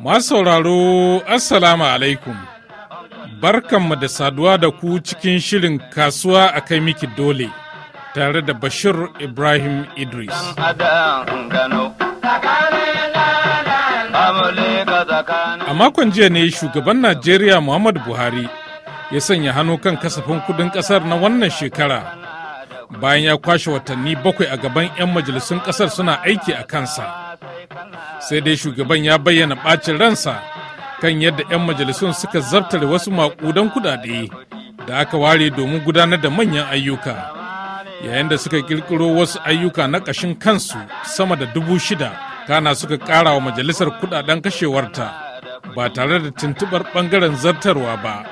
Masu sauraro, Assalamu alaikum. Barkanmu da saduwa da ku cikin shirin kasuwa a kai miki dole tare da Bashir Ibrahim Idris. A makon jiya ne shugaban Najeriya Muhammadu Buhari ya sanya hannu kan kasafin kudin kasar na wannan shekara. bayan ya kwashe watanni bakwai a gaban 'yan majalisun ƙasar suna aiki a kansa sai dai shugaban ya bayyana ɓacin ransa kan yadda 'yan majalisun suka zartare wasu maƙudan kudade da aka ware domin gudanar da manyan ayyuka yayin da suka ƙirƙiro wasu ayyuka na ƙashin kansu sama da dubu shida kana suka ƙara wa majalisar kudaden kashewarta ba tare da tuntuɓar ɓangaren zartarwa ba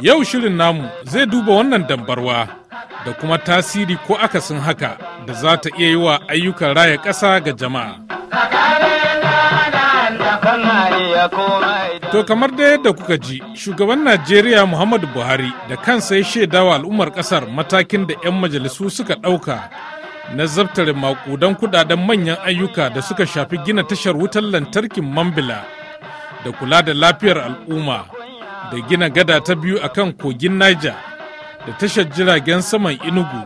yau shirin namu zai duba wannan dambarwa da kuma tasiri ko akasin haka da za ta iya yi wa ayyukan raya ƙasa ga jama'a. To kamar da yadda kuka ji, shugaban Najeriya Muhammadu Buhari da kansa ya shaida wa al'ummar ƙasar matakin da 'yan majalisu suka ɗauka na zabtare maƙudan kudaden manyan ayyuka da suka shafi gina tashar wutar lantarkin Mambila da kula da lafiyar al'umma da gina gada ta biyu akan kogin Niger. da tashar jiragen saman inugu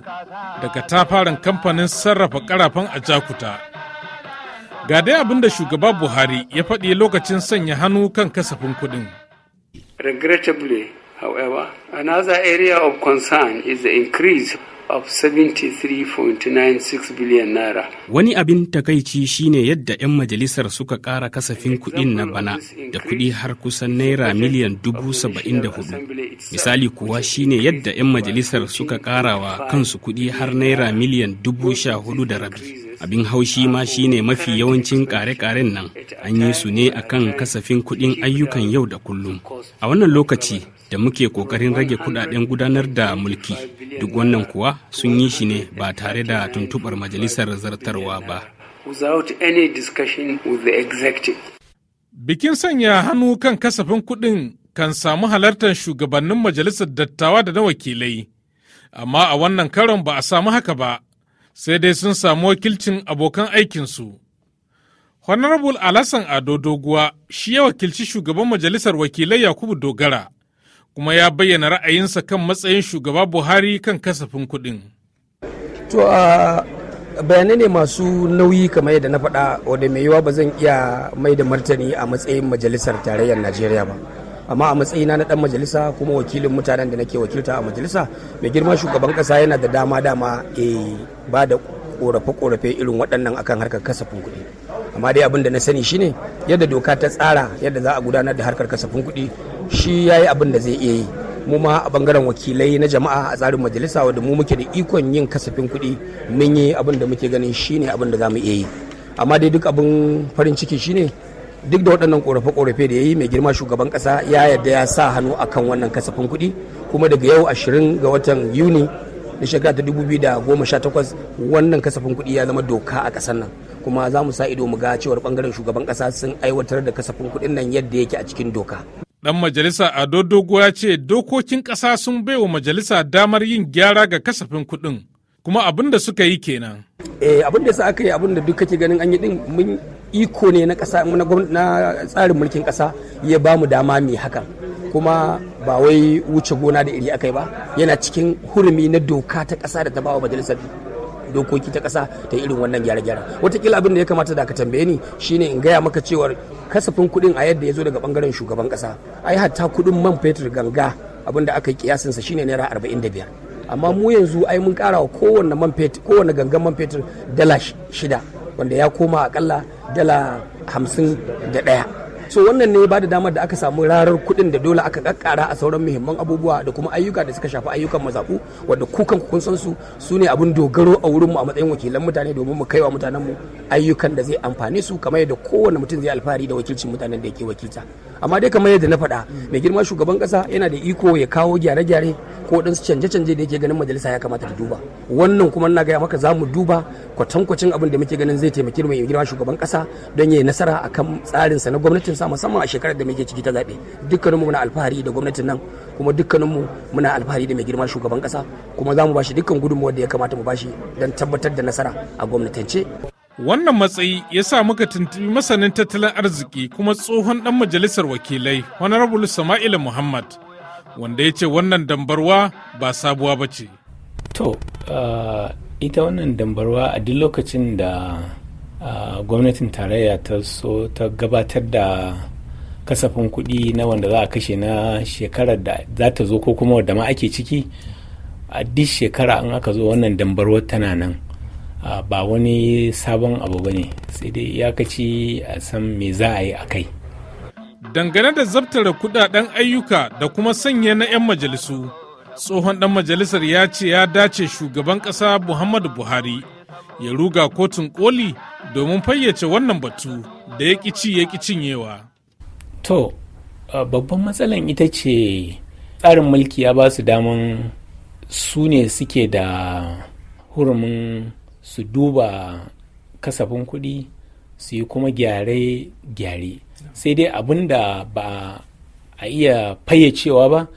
daga tafarin kamfanin sarrafa karafan a jakuta ga dai abin da shugaba buhari ya faɗi lokacin sanya hannu kan kasafin kuɗin regrettably however another area of concern is the increase of 73.96 billion naira. Wani abin takaici shine yadda 'yan majalisar suka ƙara kasafin kuɗin na bana da kuɗi har kusan naira miliyan dubu saba'in da hudu. Misali kuwa shine yadda 'yan majalisar suka wa kansu kuɗi har naira miliyan dubu sha hudu da rabi. abin haushi ma shine mafi yawancin kare-karen nan an yi su ne akan kasafin kuɗin ayyukan yau da kullum a wannan lokaci da muke ƙoƙarin rage kuɗaɗen gudanar da mulki Duk wannan kuwa sun yi shi ne ba tare da tuntuɓar majalisar zartarwa ba. Bikin sanya hannu kan kasafin kuɗin kan samu halartar shugabannin majalisar dattawa da na wakilai, amma a wannan karon ba a samu haka ba, sai dai sun samu wakilcin abokan aikinsu. Honorable Alassan Ado Doguwa shi ya wakilci shugaban majalisar wakilai Yakubu Dogara. kuma ya bayyana ra'ayinsa kan matsayin shugaba buhari kan kasafin kuɗin. to a bayanai ne masu nauyi kamar yadda na faɗa wadda mai yiwa ba zan iya mai da martani a matsayin majalisar tarayyar najeriya ba amma a matsayina na ɗan majalisa kuma wakilin mutanen da nake wakilta a majalisa mai girma shugaban ƙasa yana da dama dama e ba da korafe-korafe irin waɗannan akan harkar kasafin kuɗi amma dai abin da na sani shine yadda doka ta tsara yadda za a gudanar da harkar kasafin kuɗi shi ya yi abin da zai iya yi mu ma a bangaren wakilai na jama'a a tsarin majalisa wadda mu muke da ikon yin kasafin kuɗi mun yi abin da muke ganin shi ne abin da za mu iya yi amma dai duk abin farin ciki shi ne duk da waɗannan ƙorafe-ƙorafe da ya yi mai girma shugaban ƙasa ya yarda ya sa hannu akan wannan kasafin kuɗi kuma daga yau ashirin ga watan yuni na shekara ta da goma sha takwas wannan kasafin kuɗi ya zama doka a ƙasar nan kuma za mu sa ido mu ga cewar ɓangaren shugaban ƙasa sun aiwatar da kasafin kuɗin nan yadda yake a cikin doka. Ɗan majalisa Ado Dogo ya ce dokokin ƙasa sun baiwa majalisa damar yin gyara ga kasafin kuɗin kuma abin da suka yi kenan. Eh abin da aka yi abin da duk kake ganin an yi din mun iko ne na ƙasa na tsarin mulkin ƙasa ya ba mu dama mai hakan kuma ba wai wuce gona da iri aka yi ba yana cikin hurumi na doka ta ƙasa da ta ba wa majalisar dokoki ta kasa ta irin wannan gyara-gyara. watakila abin da ya kamata da ka tambaye ni shine in gaya maka cewar kasafin kuɗin a yadda ya zo daga bangaren shugaban kasa ai hatta kuɗin man fetur ganga abin da aka yi kiyasinsa shine naira arba'in da biyar amma mu yanzu ai mun kara wa kowanne man fetur kowanne gangan man fetur dala shida wanda ya koma akalla dala hamsin da ɗaya so wannan ne ba da damar da aka samu rarar kuɗin da dole aka kakkara a sauran muhimman abubuwa da kuma ayyuka da suka shafi ayyukan mazaku wanda kukan kun san su su ne abin dogaro a wurinmu a matsayin wakilan mutane domin mu kaiwa mutanenmu ayyukan da zai amfani su kamar yadda kowane mutum zai alfahari da wakilcin mutanen da yake wakilta amma dai kamar yadda na faɗa mai girma shugaban ƙasa yana da iko ya kawo gyare-gyare ko ɗansu canje-canje da yake ganin majalisa ya kamata ta duba wannan kuma na gaya maka za mu duba kwatankwacin abin da muke ganin zai taimaki mai girma shugaban ƙasa don ya nasara akan tsarinsa na gwamnatin sa musamman a shekarar da muke ciki ta zaɓe dukkaninmu muna alfahari da gwamnatin nan kuma dukkaninmu muna alfahari da mai girma shugaban ƙasa kuma za mu bashi dukkan gudunmuwar da ya kamata mu bashi don tabbatar da nasara a gwamnatance. Wannan matsayi ya sa muka tuntubi masanin tattalin arziki kuma tsohon dan majalisar wakilai Honorable sama'il Muhammad wanda ya ce wannan dambarwa ba sabuwa ba ce. To, uh, ita wannan dambarwa a duk lokacin da gwamnatin tarayya ta so ta gabatar da kasafin kuɗi na wanda za a kashe na shekarar da za ta zo ko kuma wadda ma ake ciki a duk shekara an aka zo wannan dambarwar tana nan ba wani sabon abu ba ne sai dai iyakaci a san me za a yi a kai dangane da zabtara kudaden ayyuka da kuma sanya na 'yan majalisu tsohon dan majalisar ya ce ya dace shugaban kasa muhammadu buhari ya ruga kotun koli domin fayyace wannan batu da ya ci ya cinyewa. To, babban matsalan ita ce tsarin mulki ya ba su daman su ne suke da hurumin su duba kasafin kuɗi su yi kuma gyare-gyare sai dai abin da ba a iya fayyacewa ba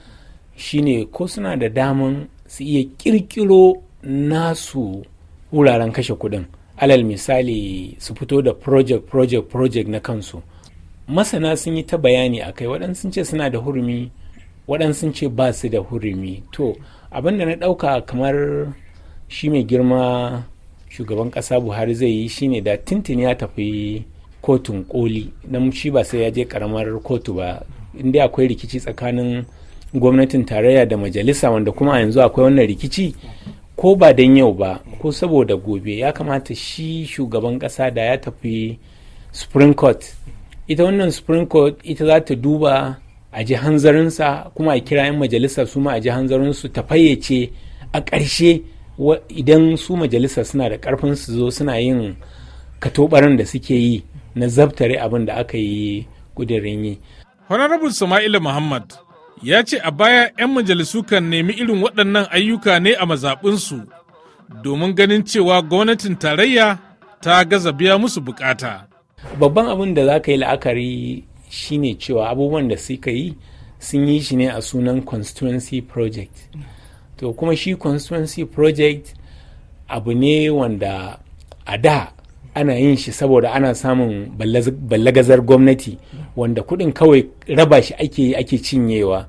shine ko suna da daman su iya ƙirƙiro nasu wuraren kashe kuɗin. alal misali su fito da project project project na kansu masana sun yi ta bayani a kai waɗansu ce suna da hurumi waɗansu ce ba su da hurumi to abin da na ɗauka kamar shi mai girma shugaban ƙasa buhari zai yi shine da tintin ya tafi kotun koli na shi ba sai ya je karamar kotu ba inda akwai rikici tsakanin gwamnatin tarayya da majalisa wanda kuma a yanzu akwai wannan rikici ko ba don yau ba ko saboda gobe ya kamata shi shugaban kasa da ya tafi supreme court ita wannan supreme court ita za ta duba a ji hanzarinsa kuma a kira 'yan majalisa su ma a ji hanzarinsu ta fayyace a ƙarshe idan su majalisa suna da ƙarfin su zo suna yin katobarin da suke yi na zabtare abin da aka yi kudirin yi. Honorable sama'ilu Muhammad ya ce a baya 'yan majalisu kan nemi irin waɗannan ayyuka ne a mazaɓinsu domin ganin cewa gwamnatin tarayya ta gaza biya musu bukata. babban abin da za ka yi la'akari shine cewa abubuwan da suka yi sun yi shi ne a sunan constituency project to kuma shi constituency project abu ne wanda a da ana yin shi saboda ana samun ballagazar gwamnati wanda kuɗin kawai raba shi ake yi ake cinyewa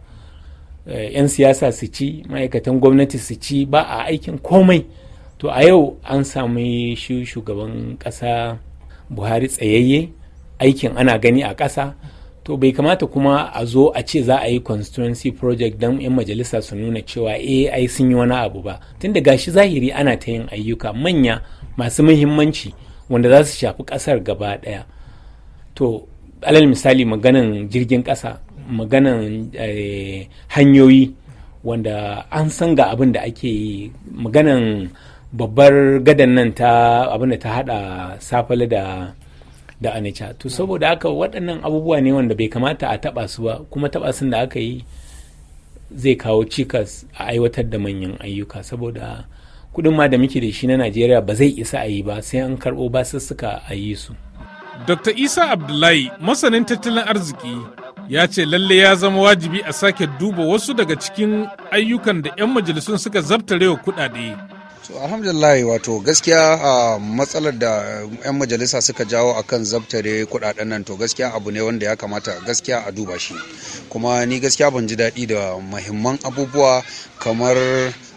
eh, 'yan siyasa su ci ma'aikatan gwamnati su ci ba a aikin komai to a yau an samu shi shugaban ƙasa buhari tsayayye aikin ana gani a ƙasa to bai kamata kuma a zo a ce za a yi constituency project don 'yan majalisa su nuna cewa eh, ai sun yi wani abu ba tunda gashi zahiri ana ta yin ayyuka manya masu muhimmanci wanda za su shafi ƙasar gaba ɗaya to alal misali maganan jirgin ƙasa maganan eh, hanyoyi wanda an san ga abin da ake yi maganan babbar gadan nan ta abin da ta hada safale da da anica to saboda haka waɗannan abubuwa ne wanda bai kamata a taba su ba kuma taba sun da aka yi zai kawo cikas a aiwatar da manyan ayyuka saboda kudin ma da muke da shi na najeriya ba zai isa a yi ba sai an karɓo basussuka a yi su Dr. Isa Abdullahi masanin tattalin arziki ya ce lalle ya zama wajibi a sake duba wasu daga cikin ayyukan da 'yan majalisun suka zartarewa kudade. So, alhamdulillah wato gaskiya a matsalar da 'yan majalisa suka jawo akan zabtare kudaden nan to gaskiya abu ne wanda ya kamata gaskiya a duba shi kuma ni gaskiya ban ji daɗi da muhimman abubuwa kamar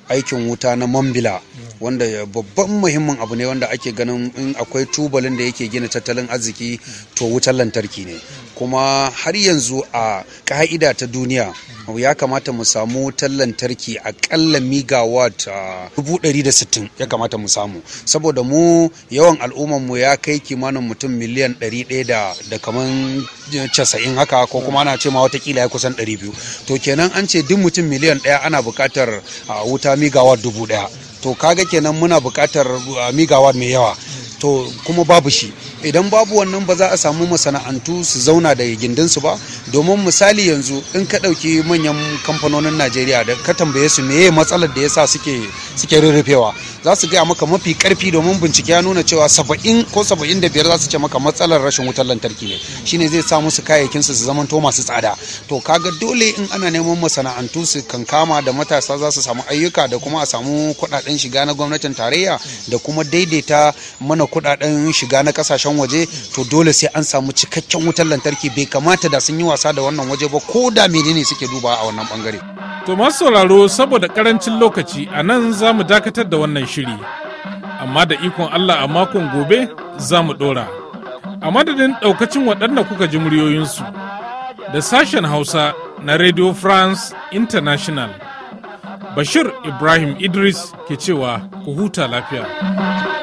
aikin wuta na mambila wanda babban muhimmin abu ne wanda ake ganin in akwai tubalin da yake gina tattalin arziki to wutar lantarki ne kuma har yanzu a ka'ida ta duniya ya kamata mu samu wutar lantarki akalla megawatt dubu ɗari da sittin ya kamata mu samu saboda mu yawan al'ummar mu ya kai kimanin mutum miliyan ɗari ɗaya da da kaman casa'in haka ko kuma ana ce ma watakila ya kusan ɗari biyu to kenan an ce duk mutum miliyan ɗaya ana buƙatar wuta wa dubu daya to kaga kenan muna buƙatar uh, wa mai yawa to kuma babu shi idan babu wannan ba za a samu masana'antu su zauna da gindinsu ba domin misali yanzu in ka ɗauki manyan kamfanonin najeriya da ka tambaye su meye matsalar da yasa suke suke rurrufewa za su gaya maka mafi karfi domin bincike ya nuna cewa saba'in ko saba'in da biyar za su ce maka matsalar rashin wutar lantarki ne shine zai sa musu kayayyakin su su zamanto masu tsada to kaga dole in ana neman masana'antu su kankama da matasa za su samu ayyuka da kuma a samu kuɗaɗen shiga na gwamnatin tarayya da kuma daidaita mana kudaden shiga na kasashen waje to dole sai an samu cikakken wutar lantarki bai kamata da sun yi wasa da wannan waje ba ko da menene suke duba a wannan bangare to masu sauraro saboda karancin lokaci a nan za mu dakatar da wannan shiri amma da ikon Allah a makon gobe za mu dora a madadin daukacin waɗanda kuka ji muryoyinsu da sashen hausa na radio france international bashir ibrahim idris ke cewa ku huta lafiya